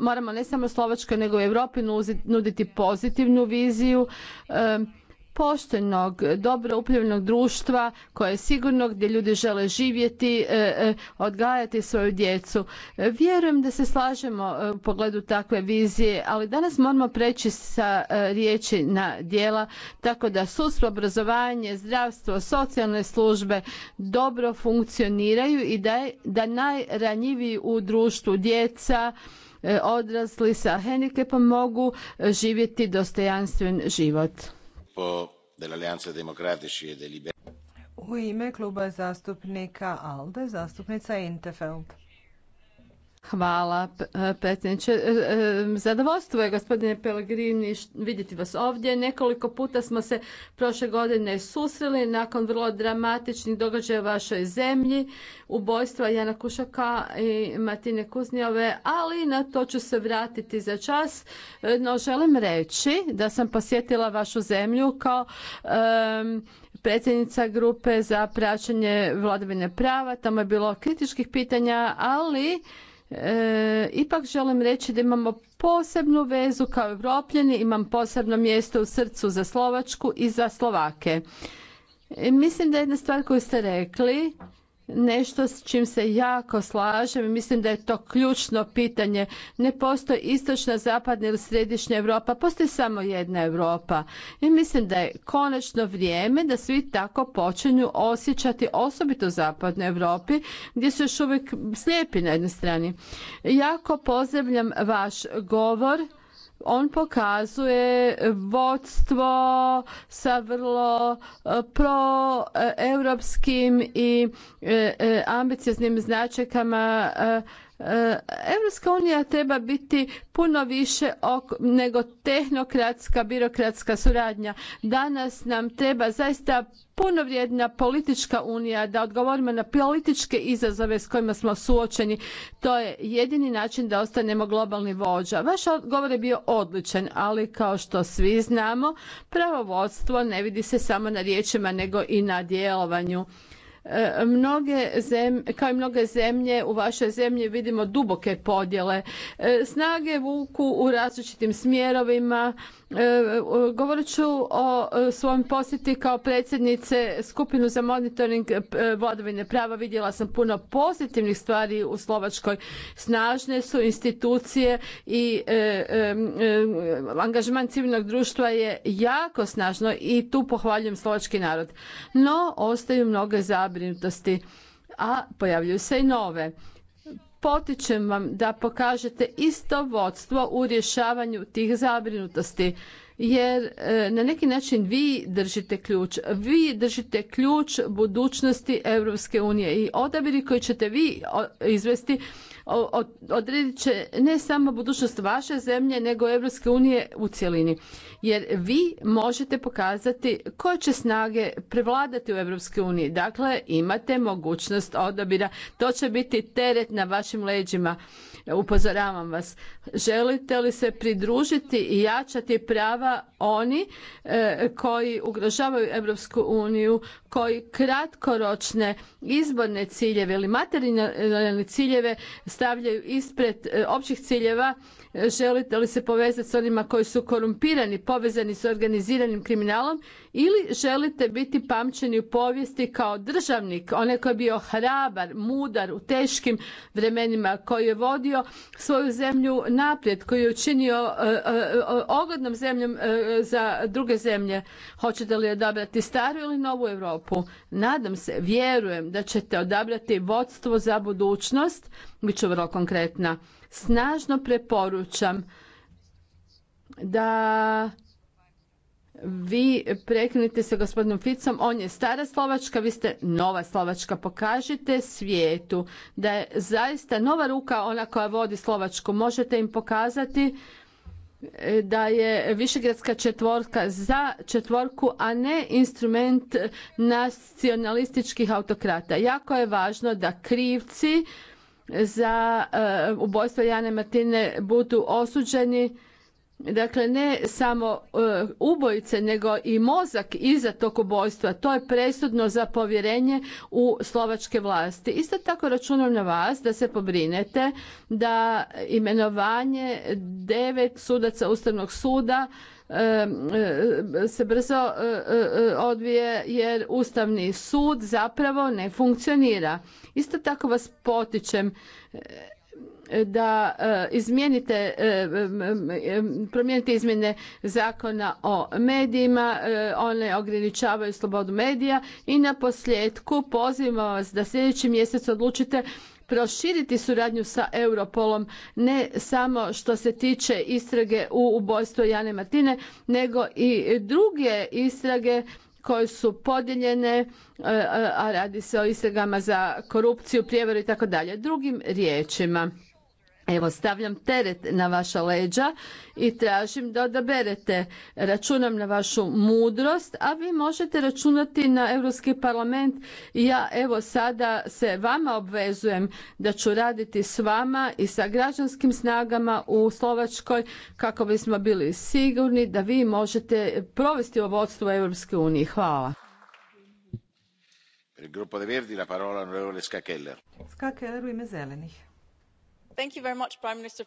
moramo ne samo Slovačkoj nego i Europi nuditi pozitivnu viziju poštenog, dobro upravljenog društva koje je sigurno gdje ljudi žele živjeti, e, e, odgajati svoju djecu. Vjerujem da se slažemo e, u pogledu takve vizije, ali danas moramo preći sa riječi na dijela, tako da sudstvo, obrazovanje, zdravstvo, socijalne službe dobro funkcioniraju i da, da najranjiviji u društvu djeca, E, odrasli sa hendikepom mogu e, živjeti dostojanstven život. E U ime kluba zastupnika ALDE, zastupnica Intefeld. Hvala e, predsjedniče. E, e, zadovoljstvo je gospodine Pelegrini, vidjeti vas ovdje. Nekoliko puta smo se prošle godine susreli nakon vrlo dramatičnih događaja u vašoj zemlji, ubojstva Jana Kušaka i Martine Kuznjove, ali na to ću se vratiti za čas. No želim reći da sam posjetila vašu zemlju kao predsjednica grupe za praćenje vladavine prava. Tamo je bilo kritičkih pitanja, ali E, ipak želim reći da imamo posebnu vezu kao Evropljeni, imam posebno mjesto u srcu za Slovačku i za Slovake. E, mislim da jedna stvar koju ste rekli, nešto s čim se jako slažem i mislim da je to ključno pitanje. Ne postoji istočna, zapadna ili središnja Europa, postoji samo jedna Europa. I mislim da je konačno vrijeme da svi tako počinju osjećati osobito u zapadnoj Europi gdje su još uvijek slijepi na jednoj strani. Jako pozdravljam vaš govor on pokazuje vodstvo sa vrlo e, proeuropskim e, i e, ambicioznim značajkama Europska unija treba biti puno više nego tehnokratska, birokratska suradnja. Danas nam treba zaista punovrijedna politička unija da odgovorimo na političke izazove s kojima smo suočeni. To je jedini način da ostanemo globalni vođa. Vaš odgovor je bio odličan, ali kao što svi znamo, pravo vodstvo ne vidi se samo na riječima nego i na djelovanju. E, mnoge zemlje, kao i mnoge zemlje u vašoj zemlji vidimo duboke podjele. E, snage vuku u različitim smjerovima. E, govorit ću o svom posjeti kao predsjednice skupinu za monitoring vodovine prava. Vidjela sam puno pozitivnih stvari u Slovačkoj. Snažne su institucije i angažman civilnog društva je jako snažno i tu pohvaljujem slovački narod. No, ostaju mnoge za zabrinutosti, a pojavljuju se i nove. Potičem vam da pokažete isto vodstvo u rješavanju tih zabrinutosti jer e, na neki način vi držite ključ. Vi držite ključ budućnosti Europske unije i odabiri koji ćete vi izvesti odredit će ne samo budućnost vaše zemlje nego Europske unije u cjelini. Jer vi možete pokazati koje će snage prevladati u Evropske uniji. Dakle, imate mogućnost odabira. To će biti teret na vašim leđima upozoravam vas. Želite li se pridružiti i jačati prava oni e, koji ugrožavaju Europsku uniju, koji kratkoročne izborne ciljeve ili materijalne ciljeve stavljaju ispred e, općih ciljeva? Želite li se povezati s onima koji su korumpirani, povezani s organiziranim kriminalom ili želite biti pamćeni u povijesti kao državnik, onaj koji je bio hrabar, mudar u teškim vremenima, koji je vodio svoju zemlju naprijed, koji je učinio e, e, e, ogodnom zemljom za druge zemlje. Hoćete li odabrati staru ili novu Europu? Nadam se, vjerujem da ćete odabrati vodstvo za budućnost, bit ću vrlo konkretna. Snažno preporučam da vi preknite se gospodinom Ficom, on je stara Slovačka, vi ste nova Slovačka. Pokažite svijetu da je zaista nova ruka ona koja vodi Slovačku. Možete im pokazati e, da je višegradska četvorka za četvorku, a ne instrument nacionalističkih autokrata. Jako je važno da krivci za e, ubojstvo Jane Martine budu osuđeni dakle ne samo e, ubojice nego i mozak iza tog ubojstva. To je presudno za povjerenje u slovačke vlasti. Isto tako računam na vas da se pobrinete da imenovanje devet sudaca Ustavnog suda e, e, se brzo odvije jer Ustavni sud zapravo ne funkcionira. Isto tako vas potičem da e, izmijenite, e, promijenite izmjene zakona o medijima, e, one ograničavaju slobodu medija i na posljedku pozivamo vas da sljedeći mjesec odlučite proširiti suradnju sa Europolom ne samo što se tiče istrage u ubojstvu Jane Martine, nego i druge istrage koje su podijeljene, a radi se o istragama za korupciju, prijevaru i tako dalje. Drugim riječima, Evo, stavljam teret na vaša leđa i tražim da odaberete. Računam na vašu mudrost, a vi možete računati na Europski parlament. Ja evo sada se vama obvezujem da ću raditi s vama i sa građanskim snagama u Slovačkoj kako bismo bili sigurni da vi možete provesti ovo u Europske unije. Hvala. Skakeler u ime zelenih.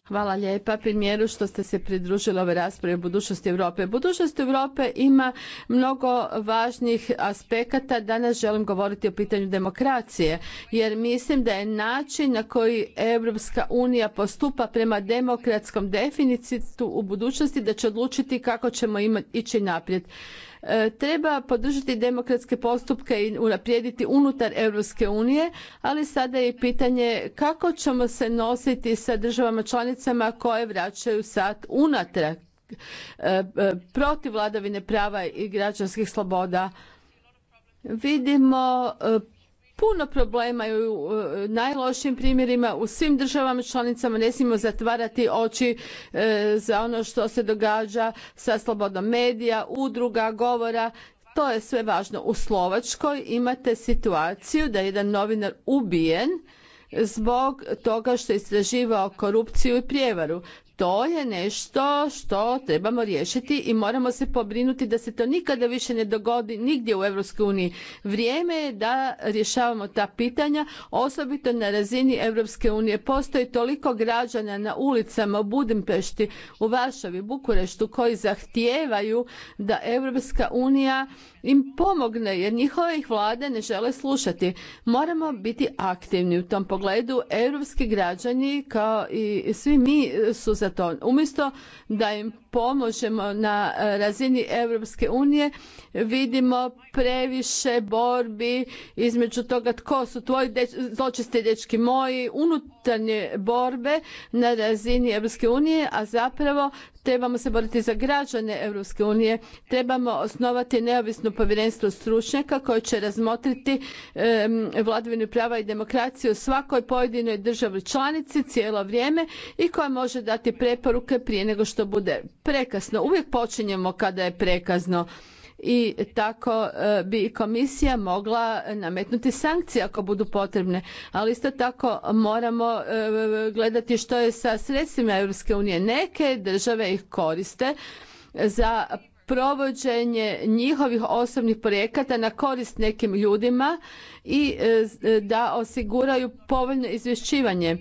Hvala lijepa premijeru što ste se pridružili ovoj raspravi o budućnosti Europe. Budućnost Europe ima mnogo važnih aspekata. Danas želim govoriti o pitanju demokracije jer mislim da je način na koji Europska unija postupa prema demokratskom deficitu u budućnosti da će odlučiti kako ćemo ići naprijed. E, treba podržati demokratske postupke i unaprijediti unutar Europske unije, ali sada je pitanje kako ćemo se nositi sa državama članicama koje vraćaju sad unatrag e, e, protiv vladavine prava i građanskih sloboda. Vidimo puno problema i u najlošim primjerima u svim državama članicama ne smijemo zatvarati oči e, za ono što se događa sa slobodom medija, udruga, govora. To je sve važno. U Slovačkoj imate situaciju da je jedan novinar ubijen zbog toga što je istraživao korupciju i prijevaru to je nešto što trebamo riješiti i moramo se pobrinuti da se to nikada više ne dogodi nigdje u Europskoj uniji. Vrijeme je da rješavamo ta pitanja, osobito na razini Europske unije. Postoji toliko građana na ulicama u Budimpešti, u Varšavi, Bukureštu koji zahtijevaju da Europska unija im pomogne jer njihove ih vlade ne žele slušati. Moramo biti aktivni u tom pogledu. Europski građani kao i svi mi su za to. Umjesto da im pomožemo na e, razini Europske unije, vidimo previše borbi između toga tko su tvoji deč, zločiste dečki moji, unutarnje borbe na razini Europske unije, a zapravo trebamo se boriti za građane Europske unije, trebamo osnovati neovisno povjerenstvo stručnjaka koje će razmotriti vladavinu prava i demokraciju svakoj pojedinoj državi članici cijelo vrijeme i koja može dati preporuke prije nego što bude prekasno. Uvijek počinjemo kada je prekasno i tako e, bi komisija mogla nametnuti sankcije ako budu potrebne. Ali isto tako moramo e, gledati što je sa sredstvima Europske unije. Neke države ih koriste za provođenje njihovih osobnih projekata na korist nekim ljudima i e, da osiguraju povoljno izvješćivanje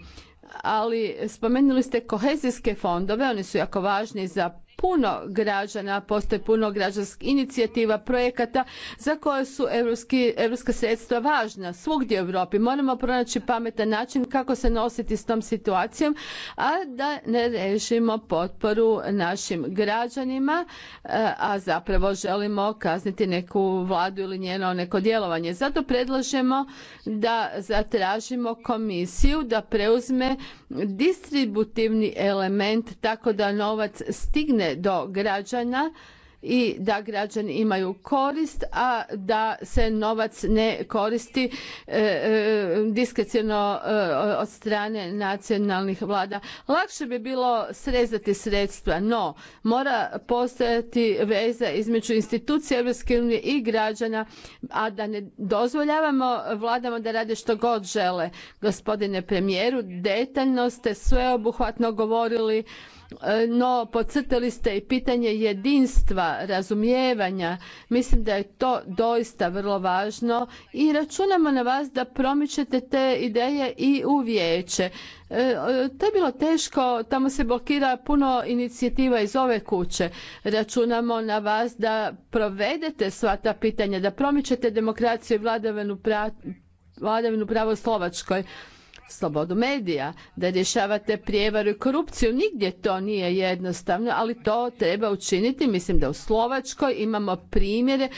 ali spomenuli ste kohezijske fondove, oni su jako važni za puno građana, postoje puno građanskih inicijativa, projekata za koje su europski, europska sredstva važna svugdje u Europi. Moramo pronaći pametan način kako se nositi s tom situacijom, a da ne režimo potporu našim građanima, eh, a zapravo želimo kazniti neku vladu ili njeno neko djelovanje. Zato predlažemo da zatražimo komisiju da preuzme distributivni element tako da novac stigne do građana i da građani imaju korist, a da se novac ne koristi e, e, diskreciono e, od strane nacionalnih vlada. Lakše bi bilo srezati sredstva, no mora postojati veza između institucija Europske i građana, a da ne dozvoljavamo vladama da rade što god žele. Gospodine premijeru, detaljno ste sveobuhvatno govorili E, no podcrtali ste i pitanje jedinstva, razumijevanja. Mislim da je to doista vrlo važno i računamo na vas da promičete te ideje i u vijeće. E, to je bilo teško, tamo se blokira puno inicijativa iz ove kuće. Računamo na vas da provedete sva ta pitanja, da promičete demokraciju i vladavinu vladavinu Slovačkoj slobodu medija, da rješavate prijevaru i korupciju. Nigdje to nije jednostavno, ali to treba učiniti. Mislim da u Slovačkoj imamo primjere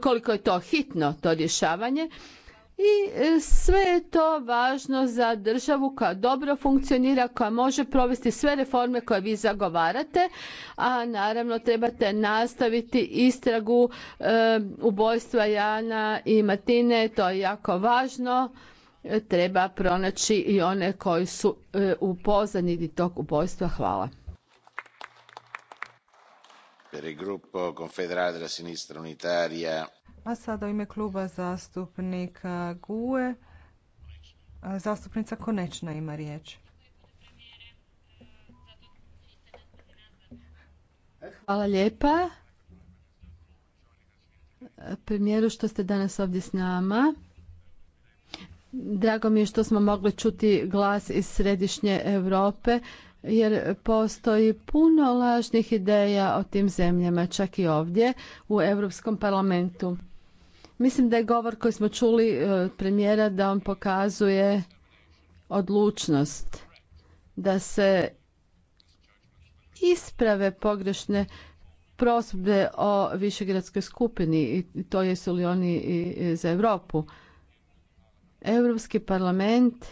koliko je to hitno to rješavanje. I e, sve je to važno za državu koja dobro funkcionira, koja može provesti sve reforme koje vi zagovarate, a naravno trebate nastaviti istragu e, ubojstva Jana i Martine, to je jako važno treba pronaći i one koji su e, u pozadini tog ubojstva. Hvala. A sada u ime kluba zastupnika GUE e, zastupnica Konečna ima riječ. Hvala lijepa e, premijeru što ste danas ovdje s nama. Drago mi je što smo mogli čuti glas iz središnje Europe jer postoji puno lažnih ideja o tim zemljama, čak i ovdje u Europskom parlamentu. Mislim da je govor koji smo čuli od e, premijera da on pokazuje odlučnost da se isprave pogrešne prosudbe o višegradskoj skupini i to jesu li oni za Europu. Europski parlament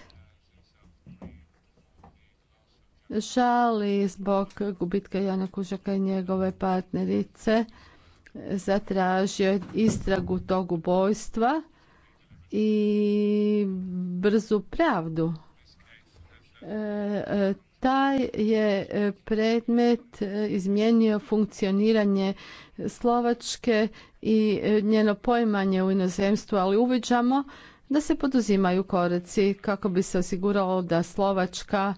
žali zbog gubitka Jana Kužaka i njegove partnerice zatražio istragu tog ubojstva i brzu pravdu. E, e, taj je e, predmet izmijenio funkcioniranje Slovačke i njeno poimanje u inozemstvu, ali uviđamo da se poduzimaju koraci kako bi se osiguralo da Slovačka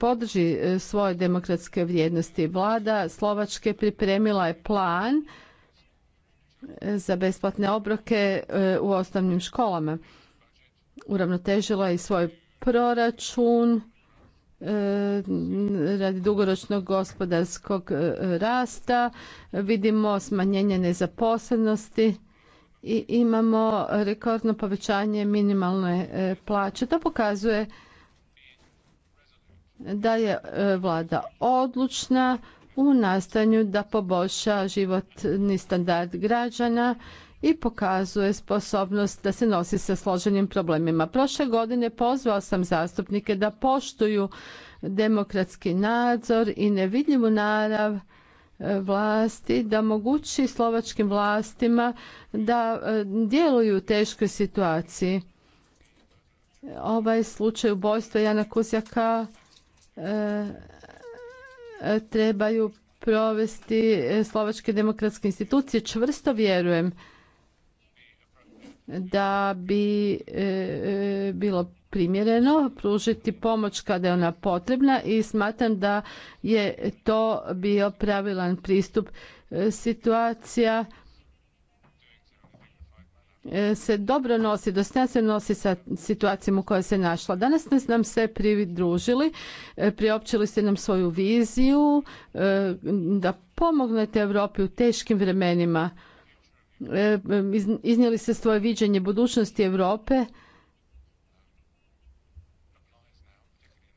podrži e, svoje demokratske vrijednosti. Vlada Slovačke pripremila je plan e, za besplatne obroke e, u osnovnim školama. Uravnotežila je i svoj proračun radi dugoročnog gospodarskog rasta. Vidimo smanjenje nezaposlenosti i imamo rekordno povećanje minimalne e, plaće. To pokazuje da je e, vlada odlučna u nastanju da poboljša životni standard građana i pokazuje sposobnost da se nosi sa složenim problemima. Prošle godine pozvao sam zastupnike da poštuju demokratski nadzor i nevidljivu narav vlasti da mogući slovačkim vlastima da e, djeluju u teškoj situaciji. Ovaj slučaj ubojstva Jana Kusjaka e, e, trebaju provesti slovačke demokratske institucije. Čvrsto vjerujem da bi e, e, bilo primjereno pružiti pomoć kada je ona potrebna i smatram da je to bio pravilan pristup e, situacija se dobro nosi, se nosi sa situacijom u kojoj se našla. Danas ste nam se pridružili, priopćili ste nam svoju viziju da pomognete Europi u teškim vremenima. E, iznijeli ste svoje viđenje budućnosti Europe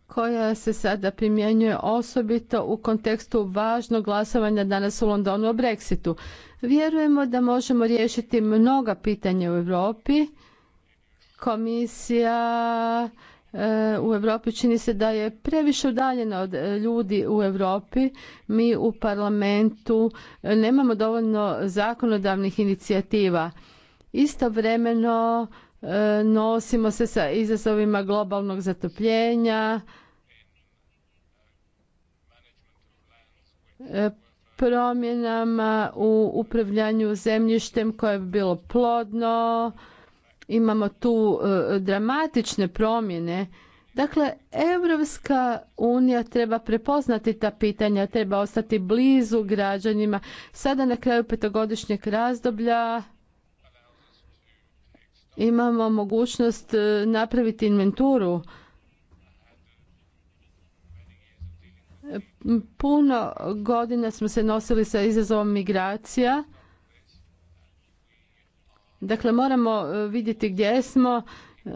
koja se sada primjenjuje osobito u kontekstu važnog glasovanja danas u Londonu o Brexitu. Vjerujemo da možemo riješiti mnoga pitanja u Europi. Komisija u Europi čini se da je previše udaljena od e, ljudi u Europi. Mi u parlamentu e, nemamo dovoljno zakonodavnih inicijativa. Istovremeno e, nosimo se sa izazovima globalnog zatopljenja, promjenama u upravljanju zemljištem koje bi bilo plodno, imamo tu e, dramatične promjene Dakle, Evropska unija treba prepoznati ta pitanja, treba ostati blizu građanima. Sada na kraju petogodišnjeg razdoblja imamo mogućnost e, napraviti inventuru. Puno godina smo se nosili sa izazovom migracija Dakle, moramo e, vidjeti gdje smo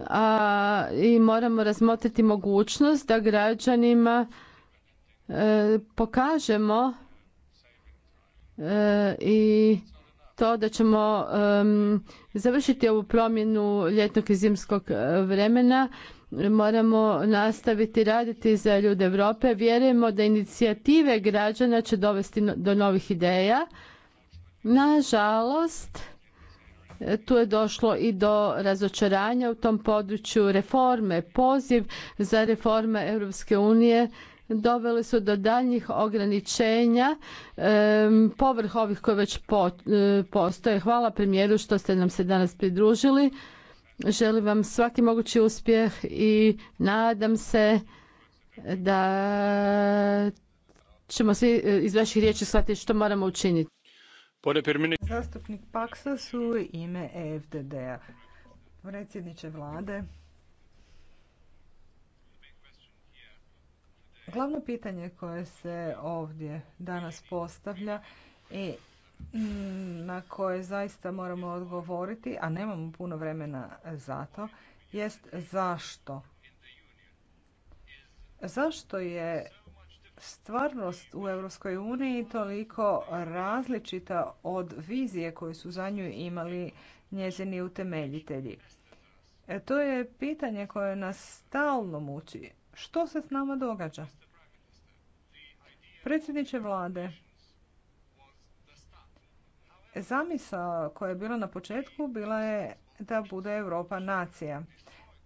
a, i moramo razmotriti mogućnost da građanima e, pokažemo e, i to da ćemo završiti ovu promjenu ljetnog i zimskog vremena. Moramo nastaviti raditi za ljude Europe. Vjerujemo da inicijative građana će dovesti do novih ideja. Nažalost, tu je došlo i do razočaranja u tom području reforme. Poziv za reforme Europske unije doveli su do daljnjih ograničenja povrh ovih koje već e, postoje. Hvala premijeru što ste nam se danas pridružili. Želim vam svaki mogući uspjeh i nadam se da ćemo svi e, iz vaših riječi shvatiti što moramo učiniti. Zastupnik Paksa su ime EFDD-a. Predsjedniče vlade, Glavno pitanje koje se ovdje danas postavlja i na koje zaista moramo odgovoriti, a nemamo puno vremena za to, jest zašto? Zašto je stvarnost u Europskoj uniji toliko različita od vizije koju su za nju imali njezini utemeljitelji. E, to je pitanje koje nas stalno muči. Što se s nama događa? Predsjedniče vlade, zamisao koja je bila na početku bila je da bude Europa nacija.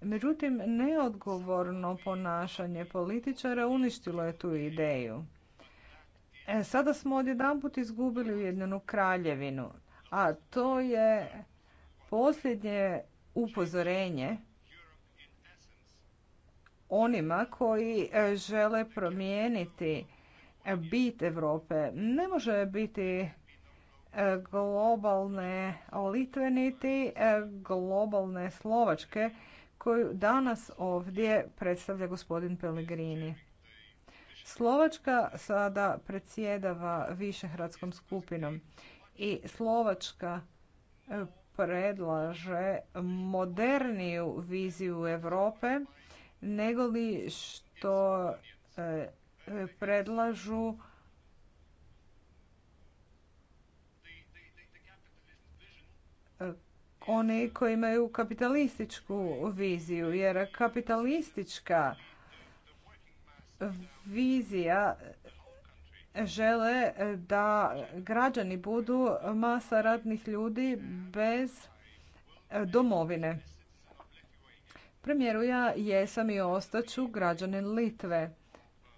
Međutim, neodgovorno ponašanje političara uništilo je tu ideju. E, sada smo odjedanput izgubili Ujedinjenu kraljevinu, a to je posljednje upozorenje onima koji e, žele promijeniti e, bit Europe. Ne može biti globalne Litve niti globalne Slovačke koju danas ovdje predstavlja gospodin Pellegrini. Slovačka sada predsjedava višehradskom skupinom i Slovačka e, predlaže moderniju viziju Europe nego li što e, predlažu e, oni koji imaju kapitalističku viziju, jer kapitalistička vizija žele da građani budu masa radnih ljudi bez domovine. Premijeru, ja jesam i ostaću građanin Litve.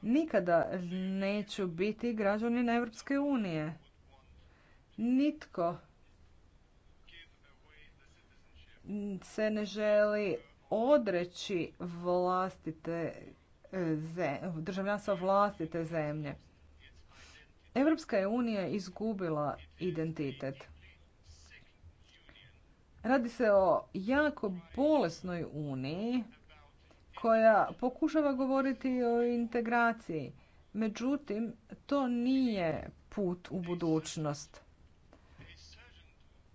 Nikada neću biti građanin Europske unije. Nitko se ne želi odreći vlastite e, državljanstva vlastite zemlje. Evropska je unija izgubila identitet. Radi se o jako bolesnoj uniji koja pokušava govoriti o integraciji. Međutim, to nije put u budućnost.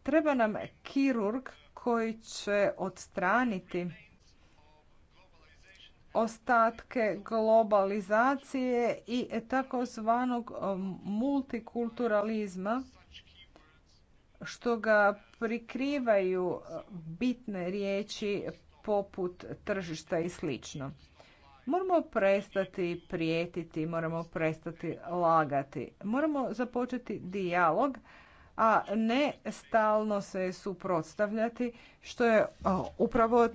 Treba nam kirurg koji će odstraniti ostatke globalizacije i takozvanog um, multikulturalizma što ga prikrivaju uh, bitne riječi poput tržišta i sl. Moramo prestati prijetiti, moramo prestati lagati. Moramo započeti dijalog a ne stalno se suprotstavljati, što je upravo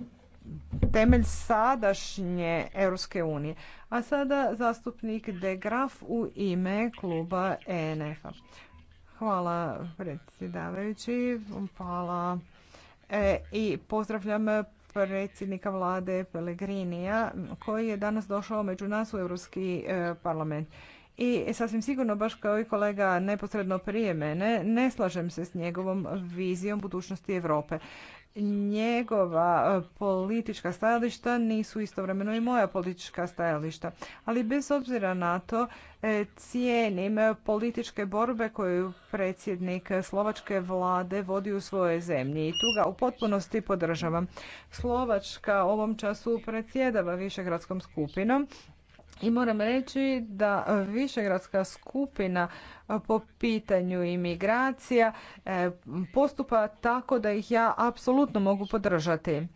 temelj sadašnje Europske unije. A sada zastupnik De Graf u ime kluba ENF-a. Hvala predsjedavajući, hvala e, i pozdravljam predsjednika vlade Pelegrinija koji je danas došao među nas u Europski e, parlament i sasvim sigurno, baš kao i kolega neposredno prije mene, ne slažem se s njegovom vizijom budućnosti Europe. Njegova e, politička stajališta nisu istovremeno i moja politička stajališta. Ali bez obzira na to, e, cijenim političke borbe koju predsjednik slovačke vlade vodi u svojoj zemlji i tu ga u potpunosti podržavam. Slovačka ovom času predsjedava višegradskom skupinom i moram reći da e, višegradska skupina e, po pitanju imigracija e, postupa tako da ih ja apsolutno mogu podržati.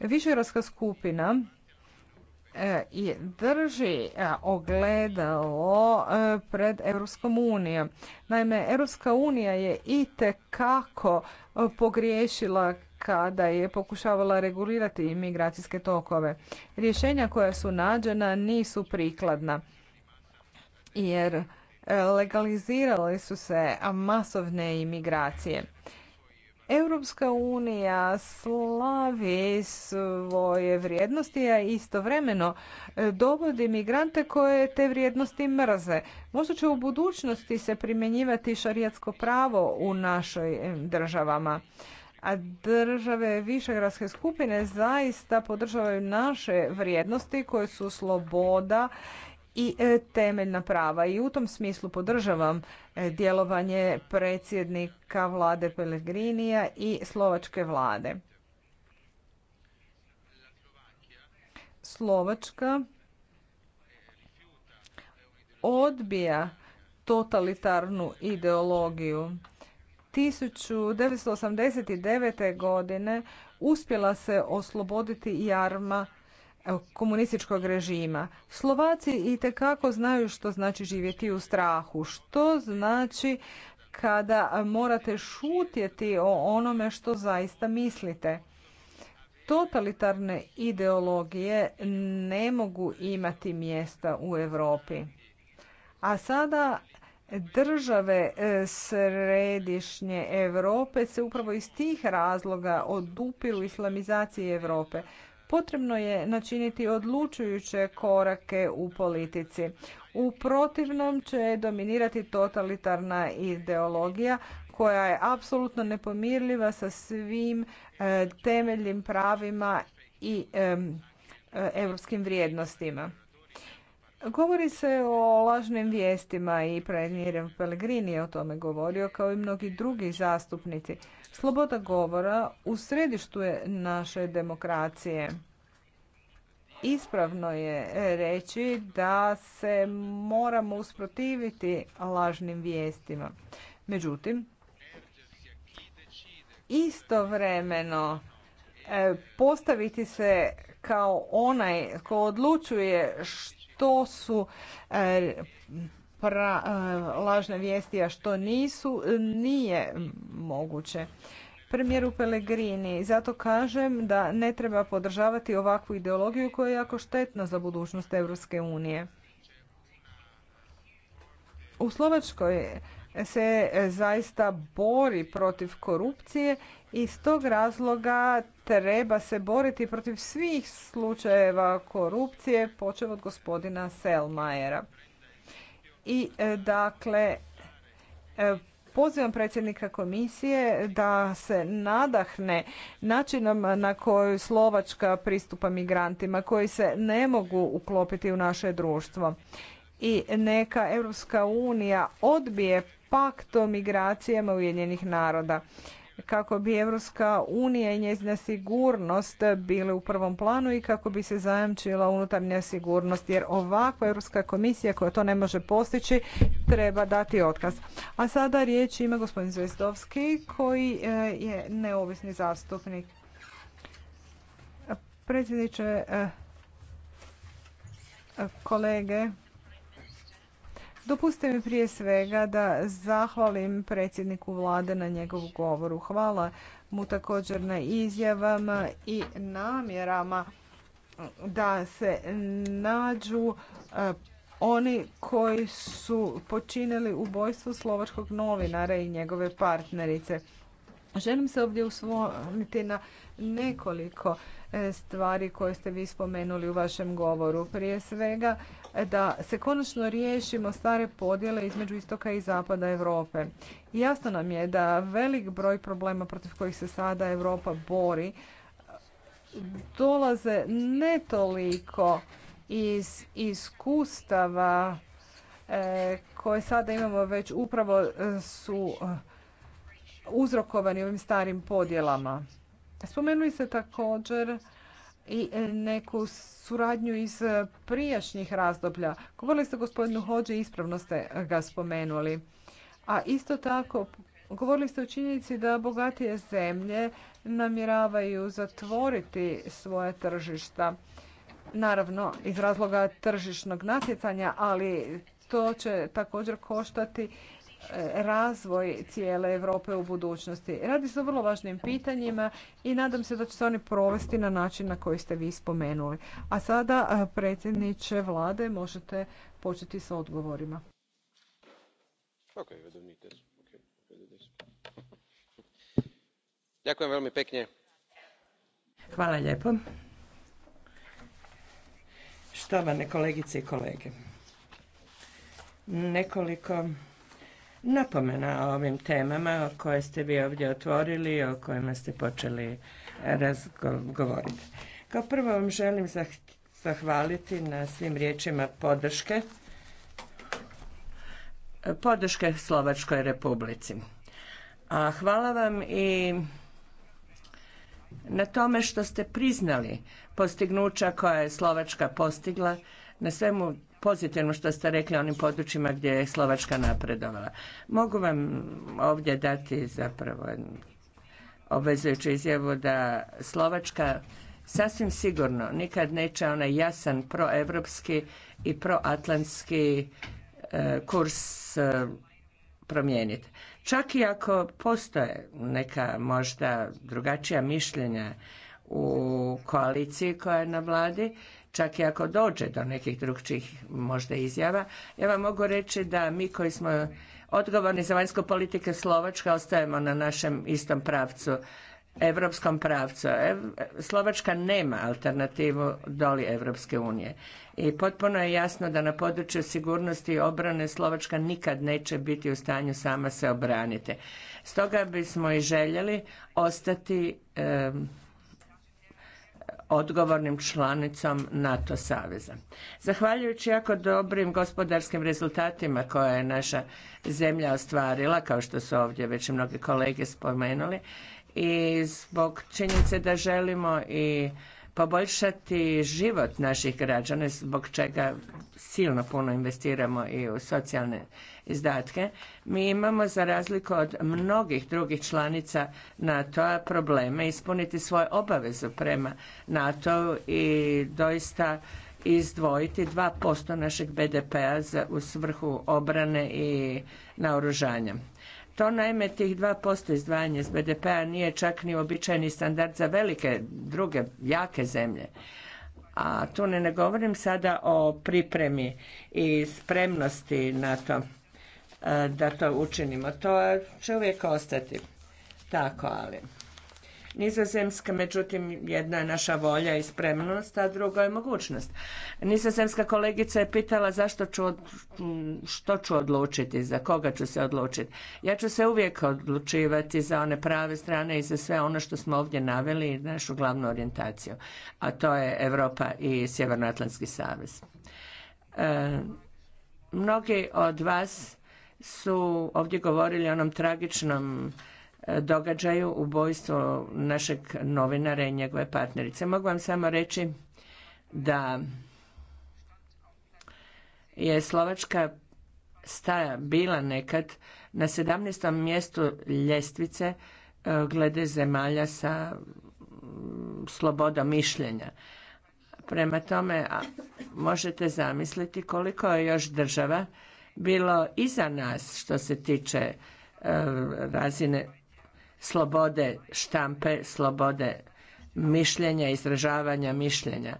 Višegradska skupina i drži ogledalo pred Europskom unijom. Naime, Europska unija je i kako pogriješila kada je pokušavala regulirati imigracijske tokove. Rješenja koja su nađena nisu prikladna jer e, legalizirale su se masovne imigracije. Europska unija slavi svoje vrijednosti, a istovremeno e, dovodi migrante koje te vrijednosti mrze. Možda će u budućnosti se primjenjivati šarijatsko pravo u našoj državama. A države višegradske skupine zaista podržavaju naše vrijednosti koje su sloboda i e, temeljna prava. I u tom smislu podržavam e, djelovanje predsjednika vlade Pelegrinija i slovačke vlade. Slovačka odbija totalitarnu ideologiju 1989. godine uspjela se osloboditi jarma komunističkog režima. Slovaci i znaju što znači živjeti u strahu, što znači kada morate šutjeti o onome što zaista mislite. Totalitarne ideologije ne mogu imati mjesta u Europi. A sada Države e, središnje Europe se upravo iz tih razloga odupiru islamizaciji Europe. Potrebno je načiniti odlučujuće korake u politici. U protivnom će dominirati totalitarna ideologija koja je apsolutno nepomirljiva sa svim e, temeljnim pravima i europskim e, vrijednostima. Govori se o lažnim vijestima i premijer Pellegrini je o tome govorio kao i mnogi drugi zastupnici. Sloboda govora u središtu je naše demokracije. Ispravno je reći da se moramo usprotiviti lažnim vijestima. Međutim, istovremeno e, postaviti se kao onaj ko odlučuje što što su e, e, lažne vijesti, a što nisu, nije moguće. Premijeru Pelegrini, zato kažem da ne treba podržavati ovakvu ideologiju koja je jako štetna za budućnost Europske unije. U Slovačkoj se e, zaista bori protiv korupcije i iz tog razloga treba se boriti protiv svih slučajeva korupcije, počev od gospodina Selmajera. I e, dakle, e, pozivam predsjednika komisije da se nadahne načinom na koji Slovačka pristupa migrantima koji se ne mogu uklopiti u naše društvo. I neka Europska unija odbije pakt o migracijama Ujedinjenih naroda kako bi Evropska unija i njezina sigurnost bile u prvom planu i kako bi se zajamčila unutarnja sigurnost jer ovako Europska komisija koja to ne može postići treba dati otkaz. A sada riječ ima gospodin Zvezdovski koji e, je neovisni zastupnik. Predsjedniče e, e, kolege Dopustite mi prije svega da zahvalim predsjedniku vlade na njegovu govoru. Hvala mu također na izjavama i namjerama da se nađu e, oni koji su počinili ubojstvo slovačkog novinara i njegove partnerice. Želim se ovdje usvojiti na nekoliko e, stvari koje ste vi spomenuli u vašem govoru. Prije svega da se konačno riješimo stare podjele između istoka i zapada Europe. Jasno nam je da velik broj problema protiv kojih se sada Europa bori dolaze ne toliko iz iskustava e, koje sada imamo već upravo su uzrokovani ovim starim podjelama. Spomenuli se također i neku suradnju iz prijašnjih razdoblja. Govorili ste gospodinu Hođe, ispravno ste ga spomenuli. A isto tako, govorili ste o činjenici da bogatije zemlje namjeravaju zatvoriti svoje tržišta. Naravno, iz razloga tržišnog natjecanja, ali to će također koštati razvoj cijele Europe u budućnosti. Radi se o vrlo važnim pitanjima i nadam se da će se oni provesti na način na koji ste vi spomenuli. A sada, predsjedniče vlade, možete početi sa odgovorima. Hvala lijepo. Štovane kolegice i kolege, nekoliko napomena o ovim temama koje ste vi ovdje otvorili i o kojima ste počeli govoriti. Kao prvo vam želim zahvaliti na svim riječima podrške podrške Slovačkoj republici. A hvala vam i na tome što ste priznali postignuća koja je Slovačka postigla na svemu pozitivno što ste rekli onim područjima gdje je Slovačka napredovala. Mogu vam ovdje dati zapravo obvezujuću izjavu da Slovačka sasvim sigurno nikad neće onaj jasan proevropski i proatlantski e, kurs e, promijeniti. Čak i ako postoje neka možda drugačija mišljenja u koaliciji koja je na vladi, čak i ako dođe do nekih drugčih možda izjava, ja vam mogu reći da mi koji smo odgovorni za vanjsku politike Slovačka ostajemo na našem istom pravcu, europskom pravcu. Slovačka nema alternativu doli Evropske unije. I potpuno je jasno da na području sigurnosti i obrane Slovačka nikad neće biti u stanju sama se obraniti. Stoga bismo i željeli ostati odgovornim članicom NATO saveza. Zahvaljujući jako dobrim gospodarskim rezultatima koje je naša zemlja ostvarila, kao što su ovdje već mnogi kolege spomenuli, i zbog činjenice da želimo i poboljšati život naših građana, zbog čega silno puno investiramo i u socijalne izdatke, mi imamo za razliku od mnogih drugih članica NATO-a probleme ispuniti svoje obavezu prema NATO-u i doista izdvojiti 2% našeg BDP-a u svrhu obrane i naoružanja. To naime tih 2% izdvajanja iz BDP-a nije čak ni običajni standard za velike druge jake zemlje. A tu ne, ne govorim sada o pripremi i spremnosti na to e, da to učinimo. To će uvijek ostati tako, ali Nizozemska, međutim, jedna je naša volja i spremnost, a druga je mogućnost. Nizozemska kolegica je pitala zašto ću, što ću odlučiti, za koga ću se odlučiti. Ja ću se uvijek odlučivati za one prave strane i za sve ono što smo ovdje naveli i našu glavnu orijentaciju, a to je Europa i Sjevernoatlantski savez. E, mnogi od vas su ovdje govorili o onom tragičnom događaju ubojstvo našeg novinara i njegove partnerice. Mogu vam samo reći da je Slovačka staja bila nekad na 17. mjestu ljestvice e, glede zemalja sa slobodom mišljenja. Prema tome možete zamisliti koliko je još država bilo iza nas što se tiče e, razine slobode štampe, slobode mišljenja, izražavanja mišljenja.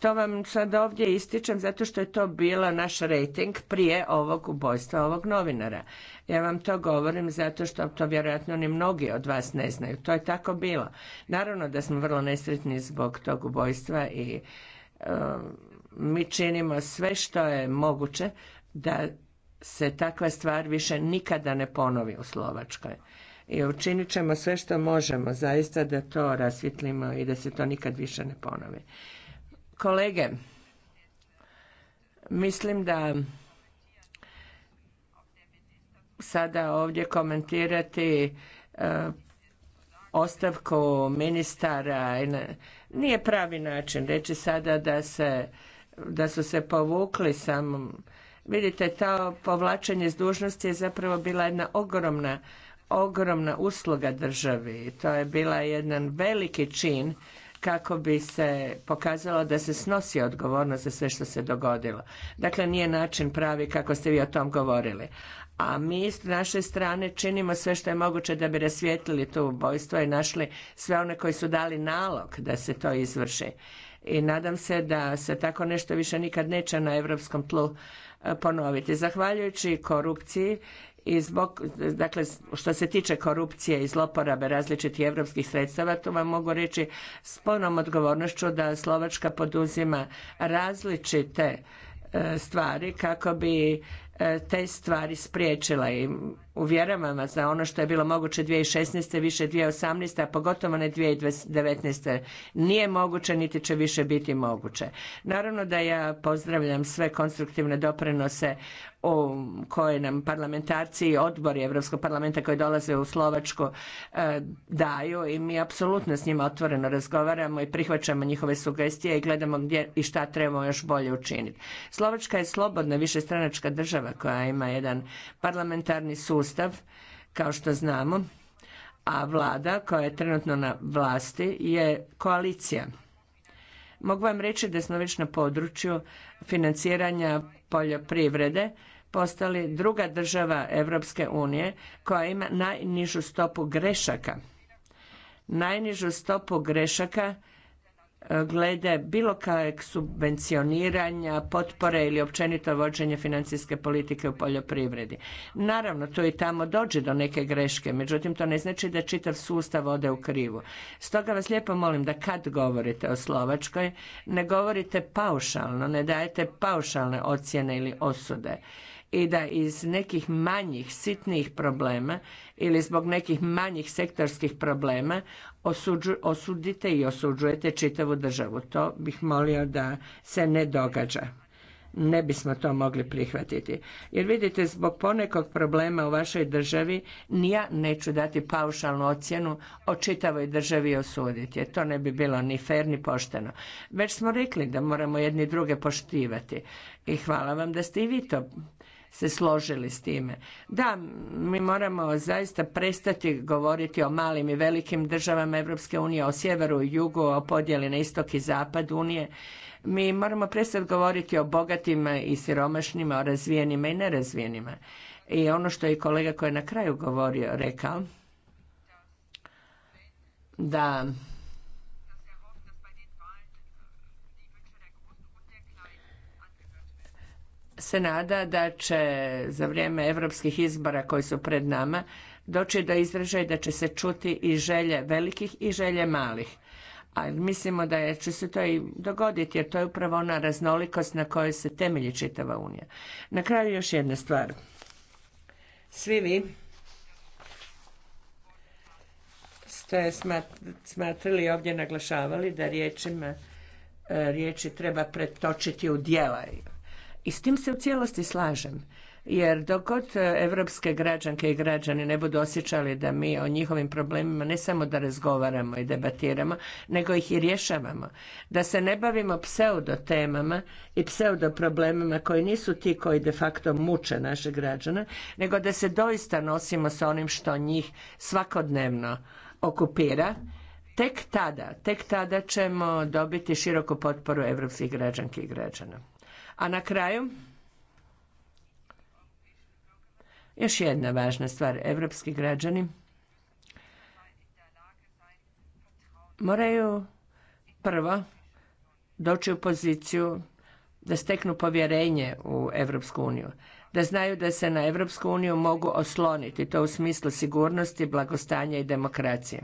To vam sad ovdje ističem zato što je to bila naš rejting prije ovog ubojstva ovog novinara. Ja vam to govorim zato što to vjerojatno ni mnogi od vas ne znaju. To je tako bilo. Naravno da smo vrlo nesretni zbog tog ubojstva i e, mi činimo sve što je moguće da se takva stvar više nikada ne ponovi u Slovačkoj i učinit ćemo sve što možemo zaista da to rasvitlimo i da se to nikad više ne ponovi. Kolege, mislim da sada ovdje komentirati e, ostavku ministara nije pravi način reći sada da se da su se povukli samo vidite to povlačenje s dužnosti je zapravo bila jedna ogromna ogromna usluga državi to je bila jedan veliki čin kako bi se pokazalo da se snosi odgovornost za sve što se dogodilo. Dakle, nije način pravi kako ste vi o tom govorili. A mi s naše strane činimo sve što je moguće da bi rasvijetlili to ubojstvo i našli sve one koji su dali nalog da se to izvrši. I nadam se da se tako nešto više nikad neće na europskom tlu eh, ponoviti. Zahvaljujući korupciji i zbog, dakle, što se tiče korupcije i zloporabe različitih europskih sredstava, to vam mogu reći s ponom odgovornošću da Slovačka poduzima različite e, stvari kako bi E, te stvari spriječila i uvjeravam vas da ono što je bilo moguće 2016. više 2018. a pogotovo ne 2019. nije moguće niti će više biti moguće. Naravno da ja pozdravljam sve konstruktivne doprinose o, koje nam parlamentarci i odbori Europskog parlamenta koji dolaze u Slovačku e, daju i mi apsolutno s njima otvoreno razgovaramo i prihvaćamo njihove sugestije i gledamo gdje i šta trebamo još bolje učiniti. Slovačka je slobodna višestranačka država država koja ima jedan parlamentarni sustav, kao što znamo, a vlada koja je trenutno na vlasti je koalicija. Mogu vam reći da smo već na području financiranja poljoprivrede postali druga država Europske unije koja ima najnižu stopu grešaka. Najnižu stopu grešaka glede bilo kakvog subvencioniranja, potpore ili općenito vođenje financijske politike u poljoprivredi. Naravno, tu i tamo dođe do neke greške, međutim to ne znači da čitav sustav ode u krivu. Stoga vas lijepo molim da kad govorite o Slovačkoj, ne govorite paušalno, ne dajete paušalne ocjene ili osude i da iz nekih manjih, sitnih problema ili zbog nekih manjih sektorskih problema osudite i osuđujete čitavu državu. To bih molio da se ne događa. Ne bismo to mogli prihvatiti. Jer vidite, zbog ponekog problema u vašoj državi ni ja neću dati paušalnu ocjenu o čitavoj državi osuditi. to ne bi bilo ni fer ni pošteno. Već smo rekli da moramo jedni druge poštivati. I hvala vam da ste i vi to se složili s time. Da, mi moramo zaista prestati govoriti o malim i velikim državama Europske unije, o sjeveru i jugu, o podjeli na istok i zapad unije. Mi moramo prestati govoriti o bogatima i siromašnima, o razvijenima i nerazvijenima. I ono što je kolega koji je na kraju govorio rekao, da se nada da će za vrijeme europskih izbora koji su pred nama doći do izražaja da će se čuti i želje velikih i želje malih. A mislimo da će se to i dogoditi jer to je upravo ona raznolikost na kojoj se temelji čitava Unija. Na kraju još jedna stvar. Svi vi ste smatrali ovdje naglašavali da riječima e, riječi treba pretočiti u djela i s tim se u cijelosti slažem. Jer dok god e, evropske građanke i građani ne budu osjećali da mi o njihovim problemima ne samo da razgovaramo i debatiramo, nego ih i rješavamo. Da se ne bavimo pseudo temama i pseudo problemima koji nisu ti koji de facto muče naše građane, nego da se doista nosimo sa onim što njih svakodnevno okupira, tek tada, tek tada ćemo dobiti široku potporu evropskih građanki i građana. A na kraju, još jedna važna stvar, evropski građani moraju prvo doći u poziciju da steknu povjerenje u Evropsku uniju, da znaju da se na Evropsku uniju mogu osloniti, to u smislu sigurnosti, blagostanja i demokracije.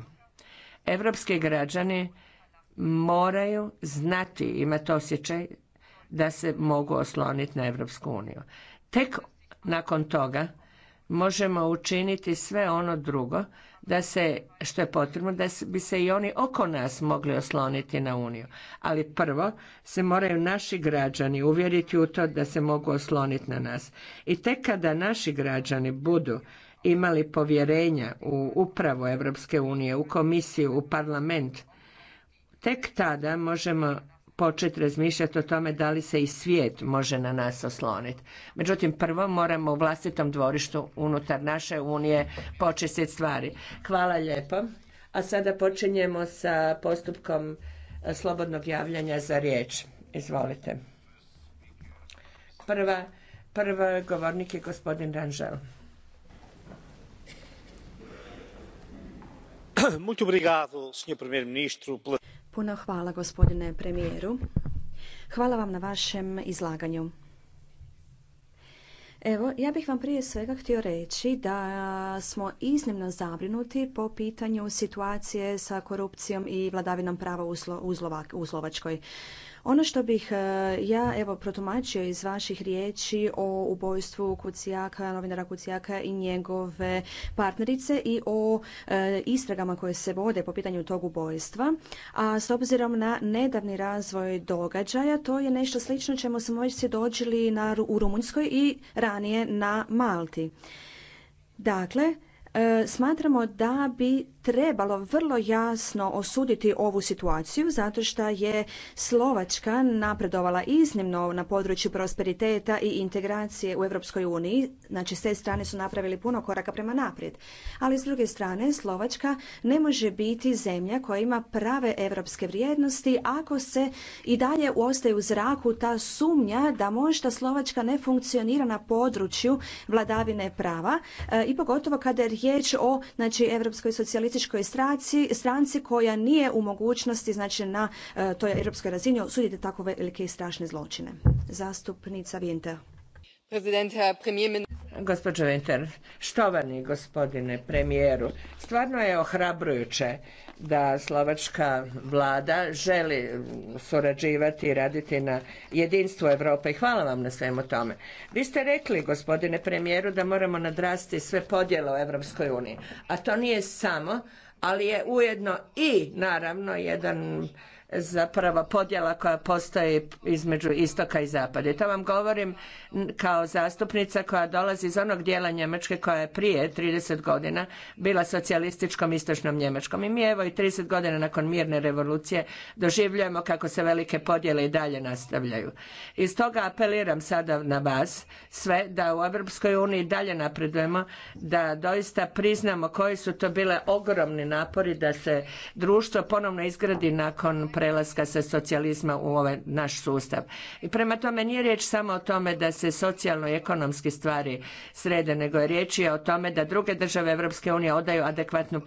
Evropski građani moraju znati, imati osjećaj da se mogu osloniti na Europsku uniju. Tek nakon toga možemo učiniti sve ono drugo da se, što je potrebno, da bi se i oni oko nas mogli osloniti na Uniju. Ali prvo se moraju naši građani uvjeriti u to da se mogu osloniti na nas. I tek kada naši građani budu imali povjerenja u upravu Europske unije, u komisiju, u parlament, tek tada možemo početi razmišljati o tome da li se i svijet može na nas osloniti. Međutim, prvo moramo u vlastitom dvorištu unutar naše unije počestiti stvari. Hvala lijepo. A sada počinjemo sa postupkom e, slobodnog javljanja za riječ. Izvolite. Prva, prva govornik je gospodin Ranžel. Puno hvala gospodine premijeru. Hvala vam na vašem izlaganju. Evo, ja bih vam prije svega htio reći da smo iznimno zabrinuti po pitanju situacije sa korupcijom i vladavinom prava u, u Slovačkoj. Ono što bih e, ja evo protumačio iz vaših riječi o ubojstvu Kucijaka, novinara Kucijaka i njegove partnerice i o e, istragama koje se vode po pitanju tog ubojstva, a s obzirom na nedavni razvoj događaja, to je nešto slično čemu smo već svjedočili u Rumunjskoj i ranije na Malti. Dakle, e, smatramo da bi trebalo vrlo jasno osuditi ovu situaciju zato što je Slovačka napredovala iznimno na području prosperiteta i integracije u Europskoj uniji. Znači, s te strane su napravili puno koraka prema naprijed. Ali s druge strane, Slovačka ne može biti zemlja koja ima prave europske vrijednosti ako se i dalje ostaje u zraku ta sumnja da možda Slovačka ne funkcionira na području vladavine prava e, i pogotovo kada je riječ o znači, Europskoj socijalističkoj komunističkoj stranci, koja nije u mogućnosti znači na e, toj europskoj razini osuditi tako velike i strašne zločine. Zastupnica Vinter. E, Gospođo Winter, štovani gospodine premijeru, stvarno je ohrabrujuće da slovačka vlada želi surađivati i raditi na jedinstvu Europe i hvala vam na svemu tome. Vi ste rekli, gospodine premijeru, da moramo nadrasti sve podjele u Europskoj uniji, a to nije samo, ali je ujedno i naravno jedan zapravo podjela koja postoji između istoka i zapada. I to vam govorim kao zastupnica koja dolazi iz onog dijela Njemačke koja je prije 30 godina bila socijalističkom istočnom Njemačkom. I mi evo i 30 godina nakon mirne revolucije doživljujemo kako se velike podjele i dalje nastavljaju. I stoga apeliram sada na vas sve da u Europskoj uniji dalje napredujemo, da doista priznamo koji su to bile ogromni napori da se društvo ponovno izgradi nakon prelaska sa socijalizma u ovaj naš sustav. I prema tome nije riječ samo o tome da se socijalno i ekonomski stvari srede, nego je riječ je o tome da druge države Europske unije odaju adekvatnu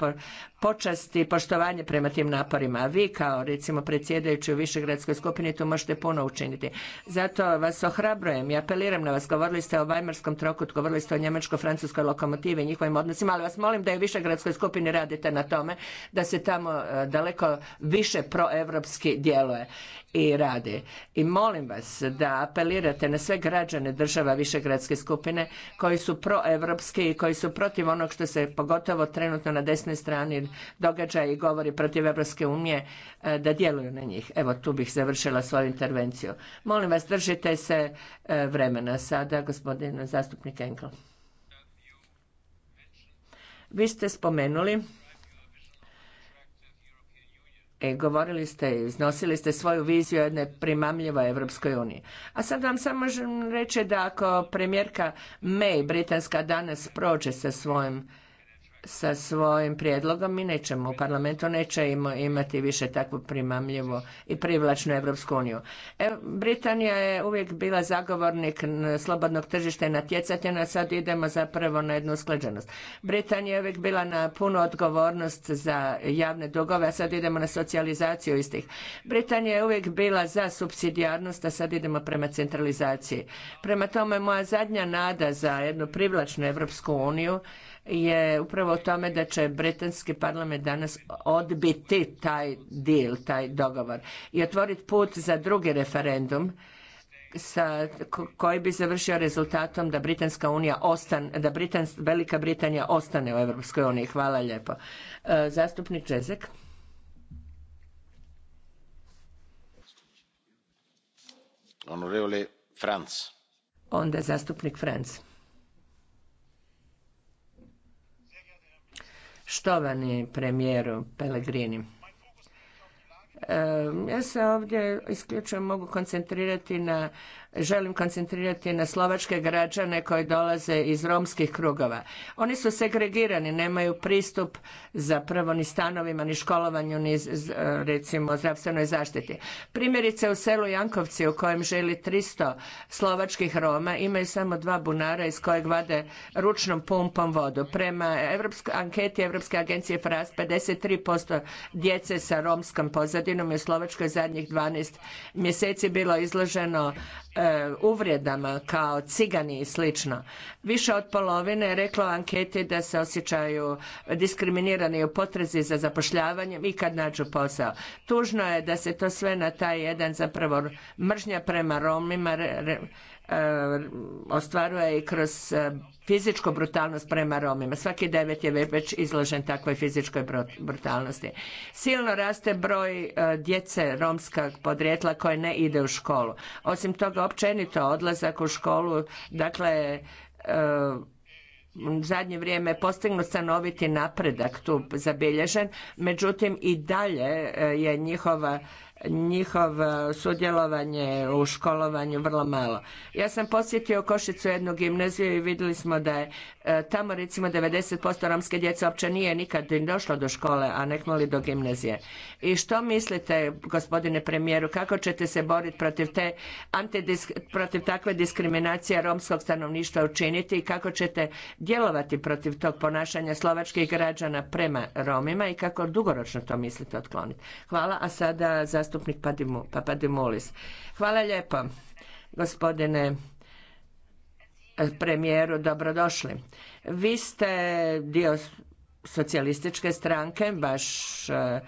počast i poštovanje prema tim naporima. A vi kao recimo predsjedajući u Višegradskoj skupini tu možete puno učiniti. Zato vas ohrabrujem i apeliram na vas. Govorili ste o Weimarskom troku, govorili ste o njemačko-francuskoj lokomotivi i njihovim odnosima, ali vas molim da i u Višegradskoj skupini radite na tome da se tamo e, daleko više proevropski djeluje i radi. I molim vas da apelirate na sve građane država višegradske skupine koji su proevropski i koji su protiv onog što se pogotovo trenutno na desnoj strani događa i govori protiv Evropske unije e, da djeluju na njih. Evo tu bih završila svoju intervenciju. Molim vas držite se e, vremena sada gospodin zastupnik Enkel. Vi ste spomenuli E, govorili ste, i iznosili ste svoju viziju jedne primamljivoj Evropskoj uniji. A sad vam samo reći da ako premijerka May, britanska, danas prođe sa svojim sa svojim prijedlogom mi nećemo u parlamentu nećemo imati više takvu primamljivu i privlačnu Europsku uniju. E, Britanija je uvijek bila zagovornik slobodnog tržišta i natjecatljena. sad idemo zapravo na jednu usklađenost. Britanija je uvijek bila na punu odgovornost za javne dugove, a sad idemo na socijalizaciju istih. Britanija je uvijek bila za subsidijarnost, a sad idemo prema centralizaciji. Prema tome, moja zadnja nada za jednu privlačnu Europsku uniju je upravo u tome da će britanski parlament danas odbiti taj deal, taj dogovor i otvoriti put za drugi referendum sa, koji bi završio rezultatom da Britanska unija ostane, da Velika Britanija ostane u Europskoj uniji. Hvala lijepo. E, zastupnik Čezek. Onda zastupnik Franc. Štovani premijeru Pellegrini, e, ja se ovdje isključivo mogu koncentrirati na želim koncentrirati na slovačke građane koji dolaze iz romskih krugova. Oni su segregirani, nemaju pristup zapravo ni stanovima, ni školovanju, ni recimo zdravstvenoj zaštiti. Primjerice u selu Jankovci u kojem želi 300 slovačkih Roma imaju samo dva bunara iz kojeg vade ručnom pumpom vodu. Prema anketi Evropske agencije FRAS 53% djece sa romskom pozadinom je u Slovačkoj zadnjih 12 mjeseci bilo izloženo E, uvredama kao cigani i slično. Više od polovine je rekla u anketi da se osjećaju diskriminirani u potrezi za zapošljavanjem i kad nađu posao. Tužno je da se to sve na taj jedan zapravo mržnja prema Romima Eh, ostvaruje i kroz eh, fizičku brutalnost prema Romima. Svaki devet je već izložen takvoj fizičkoj brutalnosti. Silno raste broj eh, djece romskog podrijetla koje ne ide u školu. Osim toga, općenito odlazak u školu, dakle, u zadnje vrijeme postignut stanoviti napredak tu zabilježen, međutim i dalje je njihova njihov e, sudjelovanje u školovanju vrlo malo. Ja sam posjetio Košicu jednu gimnaziju i vidjeli smo da je e, tamo recimo 90% romske djece uopće nije nikad došlo do škole, a moli do gimnazije. I što mislite, gospodine premijeru, kako ćete se boriti protiv te antidisk, protiv takve diskriminacije romskog stanovništva učiniti i kako ćete djelovati protiv tog ponašanja slovačkih građana prema Romima i kako dugoročno to mislite otkloniti? Hvala, a sada za zastupnik Hvala lijepo, gospodine eh, premijeru, dobrodošli. Vi ste dio socijalističke stranke, baš eh,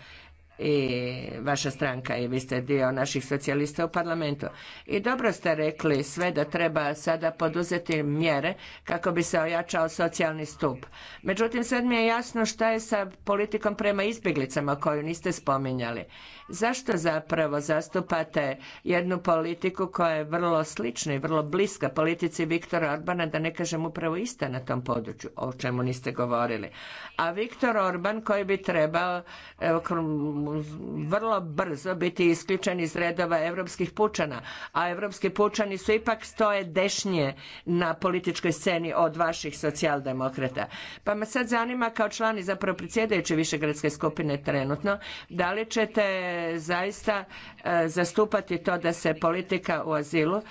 i vaša stranka i vi ste dio naših socijalista u parlamentu. I dobro ste rekli sve da treba sada poduzeti mjere kako bi se ojačao socijalni stup. Međutim, sad mi je jasno šta je sa politikom prema izbjeglicama koju niste spominjali. Zašto zapravo zastupate jednu politiku koja je vrlo slična i vrlo bliska politici Viktora Orbana, da ne kažem upravo ista na tom području, o čemu niste govorili. A Viktor Orban koji bi trebao vrlo brzo biti isključeni iz redova europskih pučana, a europski pučani su ipak stoje dešnje na političkoj sceni od vaših socijaldemokrata. Pa me sad zanima kao član i zapravo predsjedajuće višegradske skupine trenutno, da li ćete zaista e, zastupati to da se politika u azilu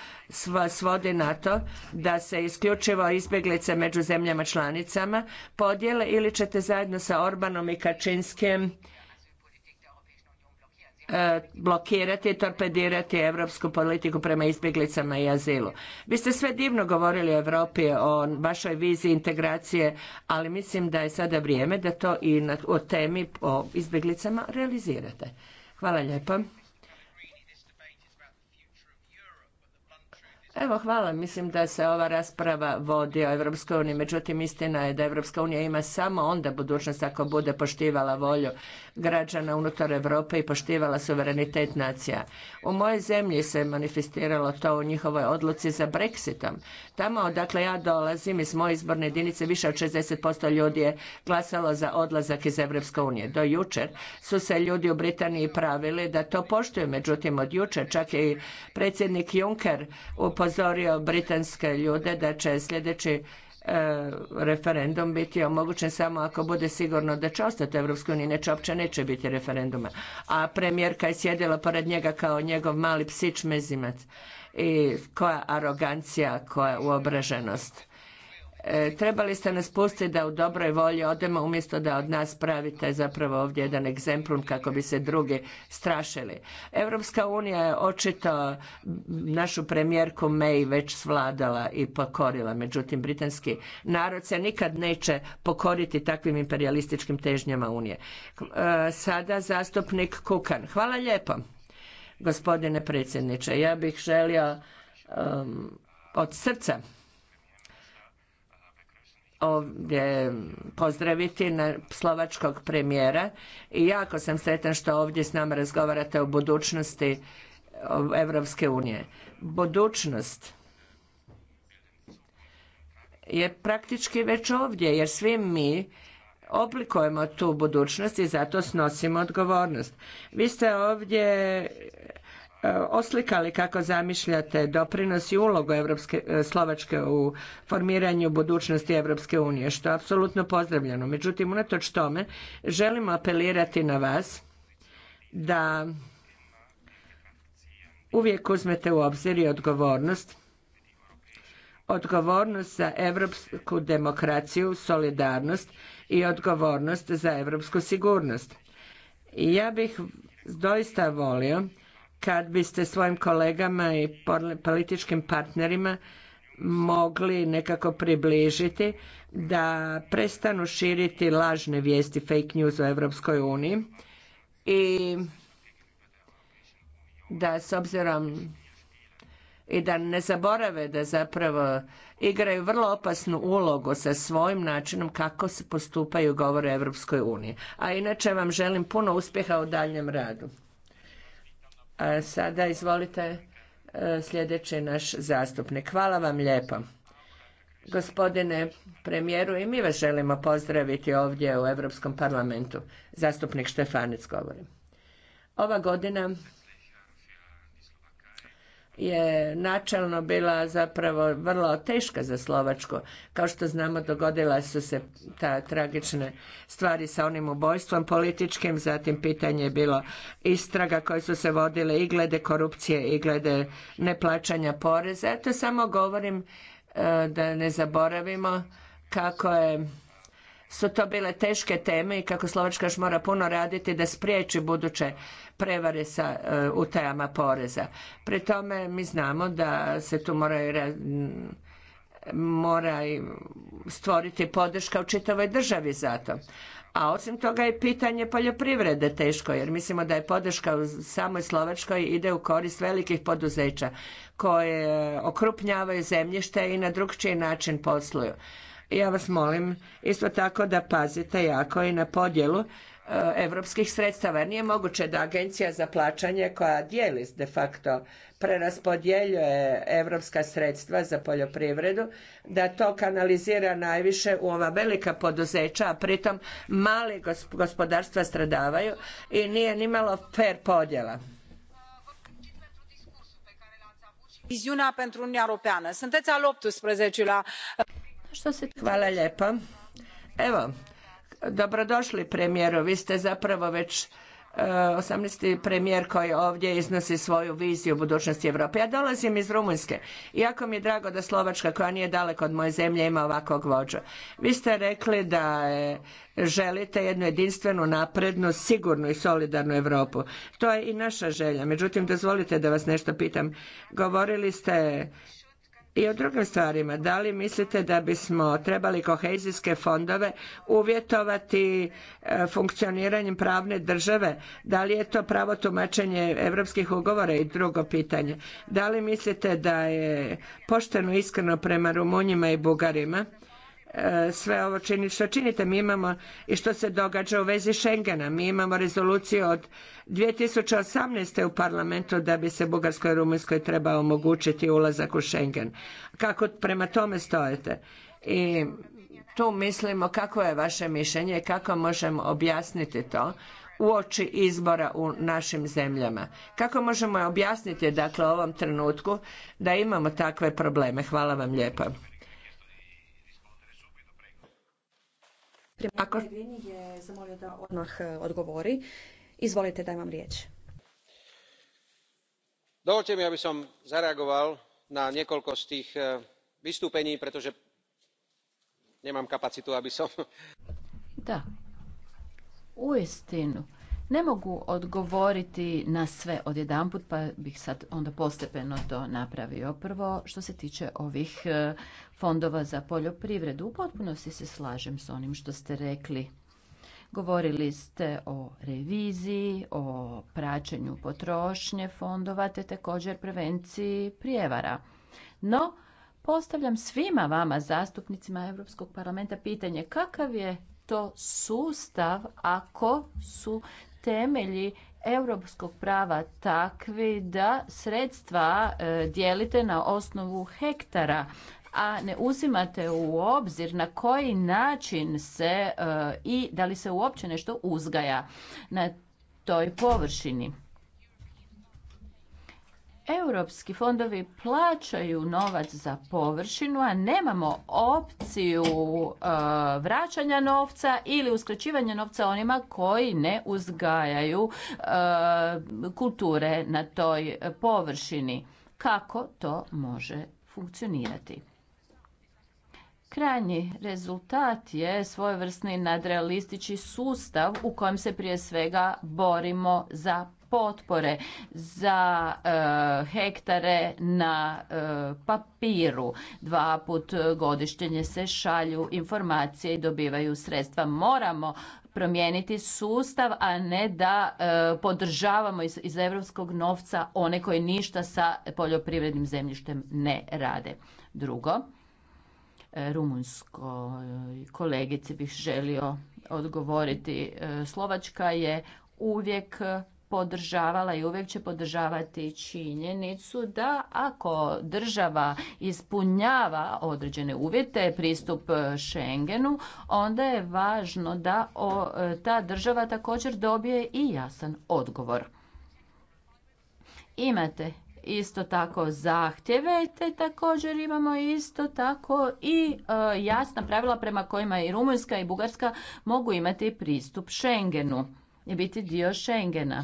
svodi na to da se isključivo izbjeglice među zemljama članicama podijele ili ćete zajedno sa Orbanom i Kačinskim E, blokirati i torpedirati europsku politiku prema izbjeglicama i azilu. Vi ste sve divno govorili o Europi, o vašoj viziji integracije, ali mislim da je sada vrijeme da to i na, o temi o izbjeglicama realizirate. Hvala lijepo. Evo, hvala. Mislim da se ova rasprava vodi o Evropskoj uniji. Međutim, istina je da Evropska unija ima samo onda budućnost ako bude poštivala volju građana unutar Europe i poštivala suverenitet nacija. U mojoj zemlji se manifestiralo to u njihovoj odluci za Brexitom. Tamo odakle ja dolazim iz moje izborne jedinice više od 60% ljudi je glasalo za odlazak iz Evropske unije. Do jučer su se ljudi u Britaniji pravili da to poštuju, međutim od jučer čak je i predsjednik Juncker upozorio britanske ljude da će sljedeći E, referendum biti omogućen samo ako bude sigurno da će ostati u Europskoj uniji, neće uopće neće biti referenduma. A premijerka je sjedila pored njega kao njegov mali psić mezimac. I koja arogancija, koja uobraženost. E, trebali ste nas pustiti da u dobroj volji odemo umjesto da od nas pravite zapravo ovdje jedan egzemplum kako bi se drugi strašili. Europska unija je očito našu premijerku May već svladala i pokorila, međutim britanski narod se nikad neće pokoriti takvim imperialističkim težnjama unije. E, sada zastupnik Kukan. Hvala lijepo. Gospodine predsjedniče, ja bih želio um, od srca ovdje pozdraviti na slovačkog premijera i jako sam sretan što ovdje s nama razgovarate o budućnosti Evropske unije. Budućnost je praktički već ovdje jer svi mi oblikujemo tu budućnost i zato snosimo odgovornost. Vi ste ovdje E, oslikali kako zamišljate doprinos i ulogu e, Slovačke u formiranju budućnosti Europske unije, što je apsolutno pozdravljeno. Međutim, unatoč tome, želimo apelirati na vas da uvijek uzmete u obzir i odgovornost odgovornost za europsku demokraciju, solidarnost i odgovornost za europsku sigurnost. I ja bih doista volio kad biste svojim kolegama i političkim partnerima mogli nekako približiti da prestanu širiti lažne vijesti fake news u Europskoj uniji i da s obzirom i da ne zaborave da zapravo igraju vrlo opasnu ulogu sa svojim načinom kako se postupaju govore Europskoj uniji. A inače vam želim puno uspjeha u daljnjem radu. A sada izvolite e, sljedeći naš zastupnik. Hvala vam lijepo. Gospodine premijeru, i mi vas želimo pozdraviti ovdje u Europskom parlamentu. Zastupnik Štefanec govori. Ova godina je načelno bila zapravo vrlo teška za Slovačku. Kao što znamo dogodila su se ta tragične stvari sa onim ubojstvom političkim, zatim pitanje je bilo istraga koje su se vodile i glede korupcije i glede neplaćanja poreza. Ja to samo govorim e, da ne zaboravimo kako je su to bile teške teme i kako Slovačka još mora puno raditi da spriječi buduće prevare sa e, utajama poreza. Pri tome mi znamo da se tu moraju mora stvoriti podrška u čitavoj državi za to. A osim toga je pitanje poljoprivrede teško, jer mislimo da je podrška u samoj Slovačkoj ide u korist velikih poduzeća koje okrupnjavaju zemljište i na drugčiji način posluju ja vas molim isto tako da pazite jako i na podjelu europskih sredstava nije moguće da agencija za plaćanje koja dijeli de facto preraspodjeljuje europska sredstva za poljoprivredu da to kanalizira najviše u ova velika poduzeća a pritom mali gospodarstva stradavaju i nije nimalo fer podjela što se... Hvala lijepo. Evo, dobrodošli premijeru. Vi ste zapravo već 18. E, premijer koji ovdje iznosi svoju viziju budućnosti Europe. Ja dolazim iz Rumunjske. Iako mi je drago da Slovačka, koja nije daleko od moje zemlje, ima ovakvog vođa. Vi ste rekli da e, želite jednu jedinstvenu, naprednu, sigurnu i solidarnu Europu. To je i naša želja. Međutim, dozvolite da vas nešto pitam. Govorili ste i o drugim stvarima. Da li mislite da bismo trebali kohezijske fondove uvjetovati e, funkcioniranjem pravne države? Da li je to pravo tumačenje europskih ugovora i drugo pitanje? Da li mislite da je pošteno iskreno prema Rumunjima i Bugarima sve ovo čini što činite. Mi imamo i što se događa u vezi Schengena. Mi imamo rezoluciju od 2018. u parlamentu da bi se Bugarskoj i Rumunjskoj trebao omogućiti ulazak u Schengen. Kako prema tome stojete? I tu mislimo kako je vaše mišljenje, kako možemo objasniti to uoči izbora u našim zemljama. Kako možemo objasniti dakle u ovom trenutku da imamo takve probleme? Hvala vam lijepa. Ako... je zamolio da odmah e, odgovori. Izvolite, daj vam riječ. Dovolte mi, aby som zareagoval na niekoľko z tých e, vystúpení, pretože nemám kapacitu, aby som... Da. Uistinu ne mogu odgovoriti na sve odjedanput, pa bih sad onda postepeno to napravio. Prvo, što se tiče ovih e, fondova za poljoprivredu, u potpunosti se slažem s onim što ste rekli. Govorili ste o reviziji, o praćenju potrošnje fondova, te također prevenciji prijevara. No, postavljam svima vama, zastupnicima Europskog parlamenta, pitanje kakav je to sustav ako su temelji europskog prava takvi da sredstva e, dijelite na osnovu hektara a ne uzimate u obzir na koji način se e, i da li se uopće nešto uzgaja na toj površini europski fondovi plaćaju novac za površinu, a nemamo opciju e, vraćanja novca ili uskraćivanja novca onima koji ne uzgajaju e, kulture na toj površini. Kako to može funkcionirati? Krajnji rezultat je svojevrsni nadrealistički sustav u kojem se prije svega borimo za potpore za e, hektare na e, papiru. Dva put godišnje se šalju informacije i dobivaju sredstva. Moramo promijeniti sustav, a ne da e, podržavamo iz, iz europskog novca one koji ništa sa poljoprivrednim zemljištem ne rade. Drugo, rumunskoj kolegici bih želio odgovoriti. Slovačka je uvijek podržavala i uvijek će podržavati činjenicu da ako država ispunjava određene uvjete, pristup e, Schengenu, onda je važno da e, ta država također dobije i jasan odgovor. Imate isto tako zahtjeve, te također imamo isto tako i e, jasna pravila prema kojima i Rumunjska i Bugarska mogu imati pristup Schengenu i biti dio Schengena.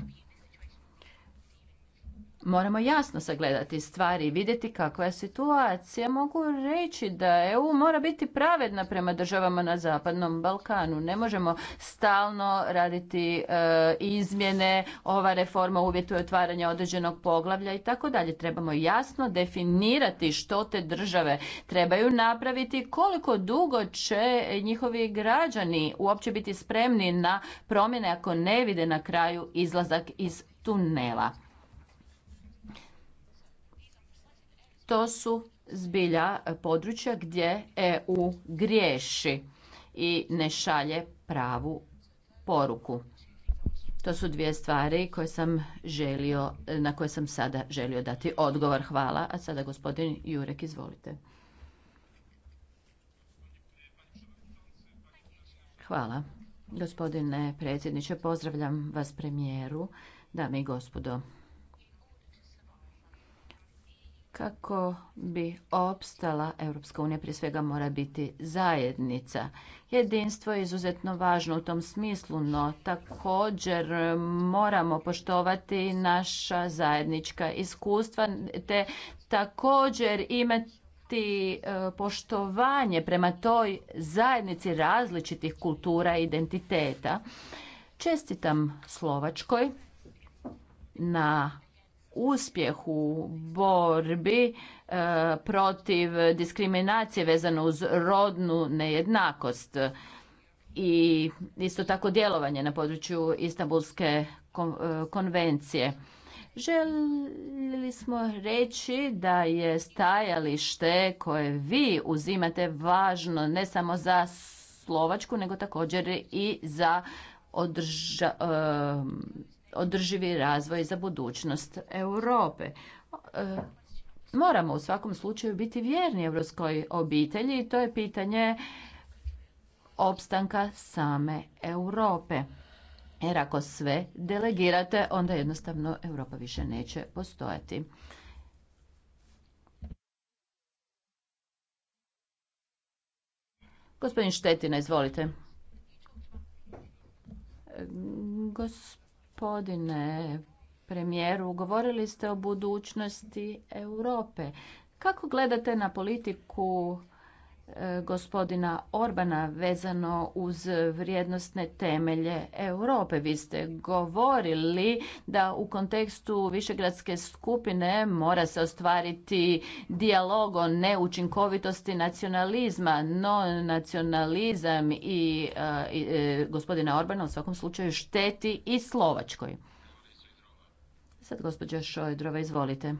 Moramo jasno sagledati stvari i vidjeti kakva je situacija. Mogu reći da EU mora biti pravedna prema državama na Zapadnom Balkanu. Ne možemo stalno raditi e, izmjene, ova reforma uvjetuje otvaranje određenog poglavlja i tako dalje. Trebamo jasno definirati što te države trebaju napraviti, koliko dugo će njihovi građani uopće biti spremni na promjene ako ne vide na kraju izlazak iz tunela. To su zbilja e, područja gdje EU griješi i ne šalje pravu poruku. To su dvije stvari koje sam želio, na koje sam sada želio dati odgovor. Hvala. A sada gospodin Jurek, izvolite. Hvala. Gospodine predsjedniče, pozdravljam vas premijeru, dame i gospodo kako bi opstala Europska unija prije svega mora biti zajednica. Jedinstvo je izuzetno važno u tom smislu, no također moramo poštovati naša zajednička iskustva te također imati e, poštovanje prema toj zajednici različitih kultura i identiteta. Čestitam Slovačkoj na uspjeh u borbi e, protiv diskriminacije vezano uz rodnu nejednakost i isto tako djelovanje na području Istanbulske e, konvencije. Želili smo reći da je stajalište koje vi uzimate važno ne samo za Slovačku, nego također i za održa, e, održivi razvoj za budućnost Europe. E, moramo u svakom slučaju biti vjerni europskoj obitelji i to je pitanje opstanka same Europe. Jer ako sve delegirate, onda jednostavno Europa više neće postojati. Gospodin Štetina, izvolite. Gospodin Gospodine premijeru, govorili ste o budućnosti Europe. Kako gledate na politiku E, gospodina Orbana vezano uz vrijednostne temelje Europe. Vi ste govorili da u kontekstu višegradske skupine mora se ostvariti dijalog o neučinkovitosti nacionalizma, no nacionalizam i, e, e, gospodina Orbana u svakom slučaju šteti i Slovačkoj. Sad gospođa Šojdrova, izvolite.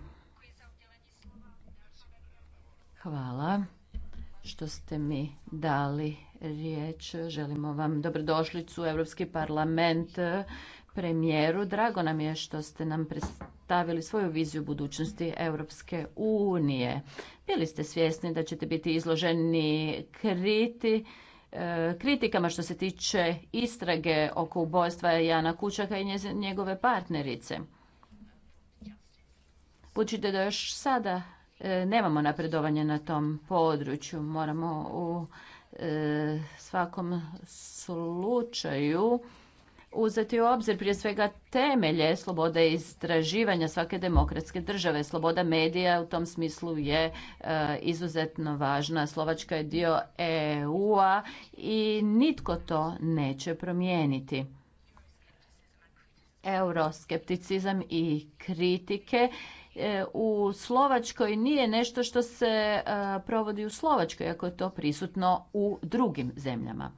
Hvala što ste mi dali riječ. Želimo vam dobrodošlicu u Europski parlament premijeru. Drago nam je što ste nam predstavili svoju viziju budućnosti Europske unije. Bili ste svjesni da ćete biti izloženi kriti e, kritikama što se tiče istrage oko ubojstva Jana Kučaka i njegove partnerice. Budući da još sada E, nemamo napredovanje na tom području. Moramo u e, svakom slučaju uzeti u obzir prije svega temelje slobode istraživanja svake demokratske države. Sloboda medija u tom smislu je e, izuzetno važna. Slovačka je dio EU-a i nitko to neće promijeniti. Euroskepticizam i kritike E, u Slovačkoj nije nešto što se e, provodi u Slovačkoj, ako je to prisutno u drugim zemljama.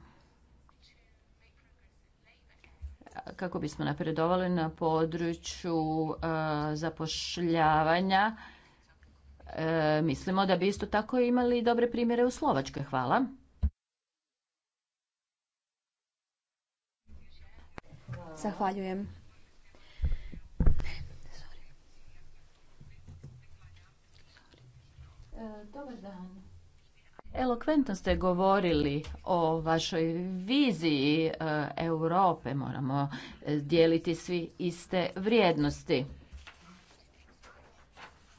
Kako bismo napredovali na području e, zapošljavanja, mislimo da bi isto tako imali dobre primjere u Slovačkoj. Hvala. Zahvaljujem. E, dobar dan. Elokventno ste govorili o vašoj viziji e, Europe. Moramo e, dijeliti svi iste vrijednosti.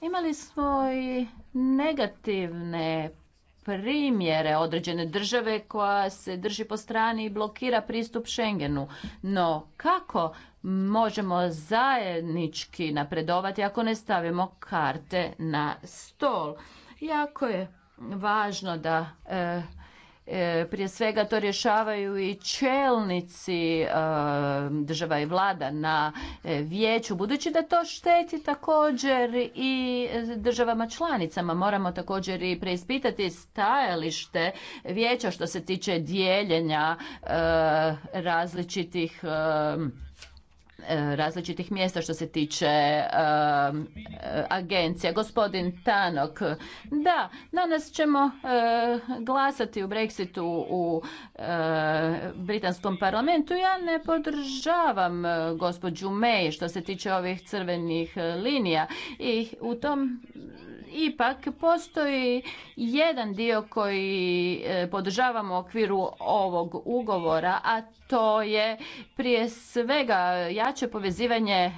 Imali smo i negativne primjere određene države koja se drži po strani i blokira pristup Schengenu. No kako možemo zajednički napredovati ako ne stavimo karte na stol? Jako je važno da e, e, prije svega to rješavaju i čelnici e, država i vlada na vijeću, budući da to šteti također i državama članicama. Moramo također i preispitati stajalište vijeća što se tiče dijeljenja različitih E, različitih mjesta što se tiče e, agencija. Gospodin Tanok, da, danas ćemo e, glasati u Brexitu u Britanskom parlamentu. Ja ne podržavam gospođu May što se tiče ovih crvenih linija i u tom ipak postoji jedan dio koji e, podržavamo u okviru ovog ugovora, a to je prije svega jače povezivanje e,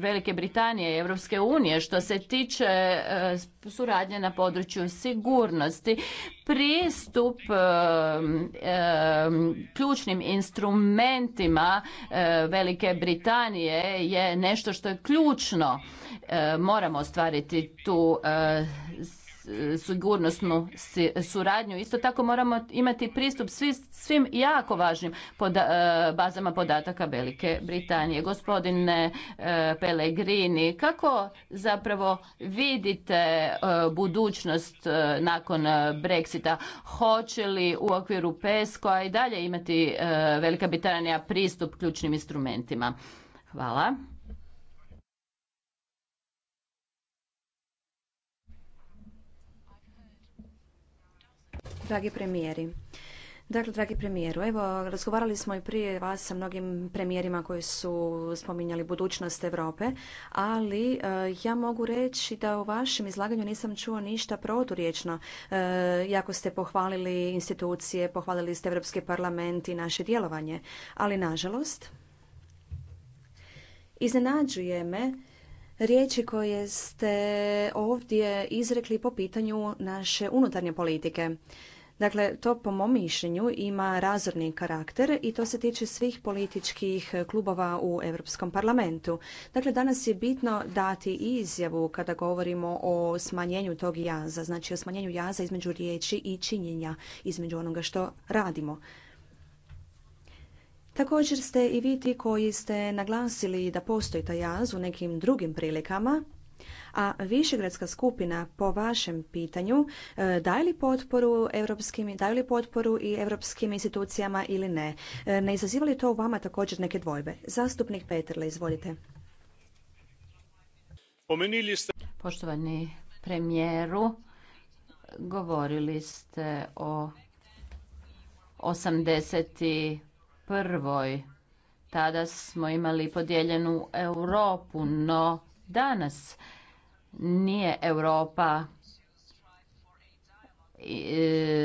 Velike Britanije i Europske unije što se tiče e, suradnje na području sigurnosti pristup e, ključnim instrumentima eh, Velike Britanije je nešto što je ključno. Eh, moramo ostvariti tu eh, sigurnosnu suradnju. Isto tako moramo imati pristup svim jako važnim e, bazama podataka Velike Britanije. Gospodine e, Pellegrini, kako zapravo vidite e, budućnost nakon Brexita? Hoće li u okviru pesco i dalje imati Velika Britanija pristup ključnim instrumentima? Hvala. dragi premijeri. Dakle, dragi premijeru, evo, razgovarali smo i prije vas sa mnogim premijerima koji su spominjali budućnost Europe, ali e, ja mogu reći da u vašem izlaganju nisam čuo ništa proturiječno, E, jako ste pohvalili institucije, pohvalili ste Europski parlament i naše djelovanje, ali nažalost, iznenađuje me riječi koje ste ovdje izrekli po pitanju naše unutarnje politike. Dakle, to po mom mišljenju ima razorni karakter i to se tiče svih političkih klubova u Europskom parlamentu. Dakle, danas je bitno dati izjavu kada govorimo o smanjenju tog jaza, znači o smanjenju jaza između riječi i činjenja, između onoga što radimo. Također ste i vi ti koji ste naglasili da postoji taj jaz u nekim drugim prilikama, a višegradska skupina po vašem pitanju e, daje li potporu europskim, daje li potporu i europskim institucijama ili ne? E, ne izaziva li to u vama također neke dvojbe? Zastupnik Peterle, izvolite. Poštovani premijeru, govorili ste o 81. Tada smo imali podijeljenu Europu, no Danas nije Europa e,